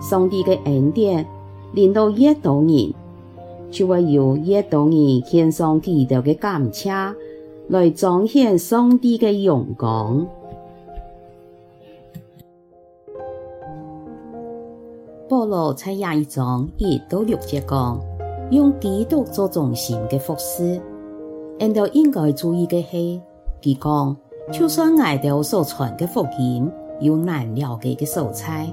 上帝嘅恩典，令到越多人就會有越多人獻上低調嘅感謝，來彰顯上帝嘅榮光。保羅在廿一章一到六節講，用基督做中心嘅服事，然就應該注意嘅係，佢講就算挨到所傳嘅福音，有難了解嘅素材。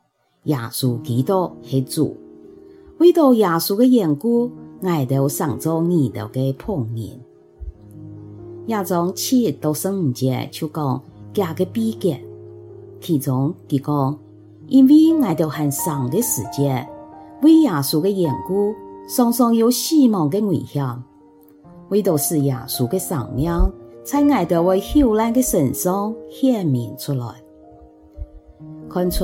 耶穌基督是主，為到耶穌嘅緣故，我哋就做你哋嘅僕人。亞當七到十五節就講價格比較，其中第講，因為我哋很長嘅時間，為耶穌嘅緣故，雙雙有希望嘅面向，唯獨是耶穌嘅生命，才我哋朽爛嘅身上顯明出來，看出。